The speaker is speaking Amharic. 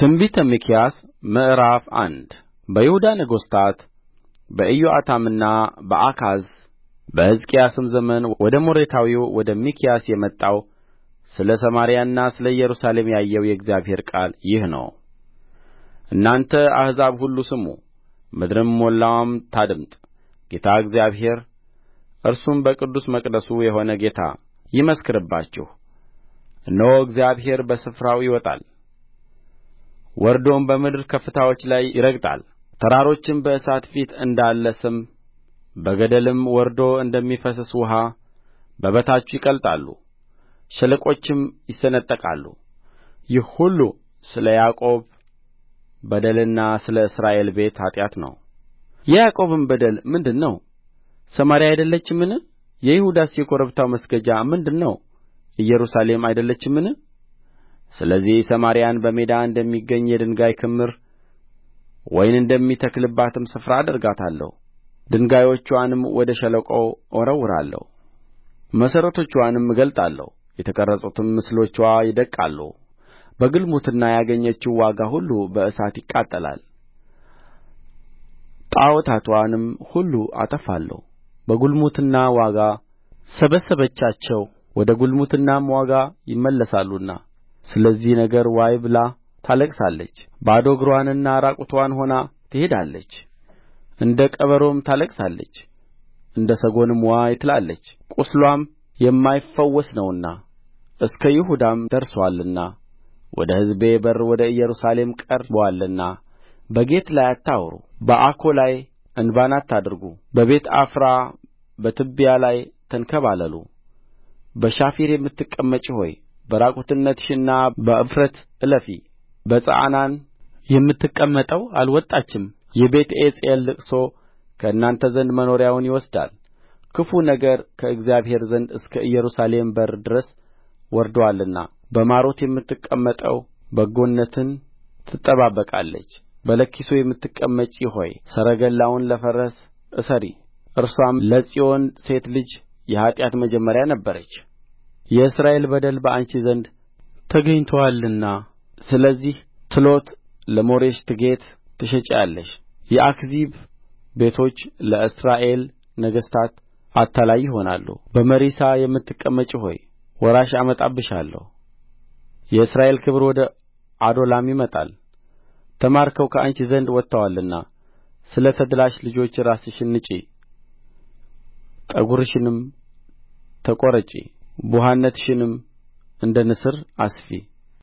ትንቢተ ሚክያስ ምዕራፍ አንድ በይሁዳ ነገሥታት በኢዮአታምና በአካዝ በሕዝቅያስም ዘመን ወደ ሞሬታዊው ወደ ሚክያስ የመጣው ስለ ሰማርያና ስለ ኢየሩሳሌም ያየው የእግዚአብሔር ቃል ይህ ነው። እናንተ አሕዛብ ሁሉ ስሙ፣ ምድርም ሞላዋም ታድምጥ። ጌታ እግዚአብሔር እርሱም በቅዱስ መቅደሱ የሆነ ጌታ ይመስክርባችሁ። እነሆ እግዚአብሔር በስፍራው ይወጣል ወርዶም በምድር ከፍታዎች ላይ ይረግጣል ተራሮችም በእሳት ፊት እንዳለ ሰም በገደልም ወርዶ እንደሚፈስስ ውኃ በበታቹ ይቀልጣሉ፣ ሸለቆችም ይሰነጠቃሉ። ይህ ሁሉ ስለ ያዕቆብ በደልና ስለ እስራኤል ቤት ኃጢአት ነው። የያዕቆብም በደል ምንድር ነው? ሰማርያ አይደለችምን? የይሁዳስ የኮረብታው መስገጃ ምንድር ነው? ኢየሩሳሌም አይደለችምን? ስለዚህ ሰማርያን በሜዳ እንደሚገኝ የድንጋይ ክምር ወይን እንደሚተክልባትም ስፍራ አደርጋታለሁ ድንጋዮችዋንም ወደ ሸለቆ እወረውራለሁ መሠረቶችዋንም እገልጣለሁ የተቀረጹትም ምስሎችዋ ይደቅቃሉ በግልሙትና ያገኘችው ዋጋ ሁሉ በእሳት ይቃጠላል ጣዖታትዋንም ሁሉ አጠፋለሁ በግልሙትና ዋጋ ሰበሰበቻቸው ወደ ግልሙትናም ዋጋ ይመለሳሉና ስለዚህ ነገር ዋይ ብላ ታለቅሳለች ባዶ እግርዋንና ራቁትዋን ሆና ትሄዳለች እንደ ቀበሮም ታለቅሳለች እንደ ሰጎንም ዋይ ትላለች ቍስልዋም የማይፈወስ ነውና እስከ ይሁዳም ደርሶአልና ወደ ሕዝቤ በር ወደ ኢየሩሳሌም ቀርቦአልና በጌት ላይ አታውሩ በአኮ ላይ እንባን አታድርጉ በቤትዓፍራ በትቢያ ላይ ተንከባለሉ በሻፊር የምትቀመጪ ሆይ በራቁትነትሽና በእፍረት እለፊ በጸዓናን የምትቀመጠው አልወጣችም የቤትኤጼል ልቅሶ ከእናንተ ዘንድ መኖሪያውን ይወስዳል ክፉ ነገር ከእግዚአብሔር ዘንድ እስከ ኢየሩሳሌም በር ድረስ ወርዶአልና በማሮት የምትቀመጠው በጎነትን ትጠባበቃለች በለኪሶ የምትቀመጪ ሆይ ሰረገላውን ለፈረስ እሰሪ እርስዋም ለጽዮን ሴት ልጅ የኃጢአት መጀመሪያ ነበረች የእስራኤል በደል በአንቺ ዘንድ ተገኝቶአልና ስለዚህ ትሎት ለሞሬሼትጌት ትሰጪአለሽ የአክዚብ ቤቶች ለእስራኤል ነገሥታት አታላይ ይሆናሉ በመሪሳ የምትቀመጪ ሆይ ወራሽ አመጣብሻለሁ የእስራኤል ክብር ወደ ዓዶላም ይመጣል ተማርከው ከአንቺ ዘንድ ወጥተዋልና ስለ ተድላሽ ልጆች ራስሽን ንጪ ጠጕርሽንም ተቈረጪ ቡሀነትሽንም እንደ ንስር አስፊ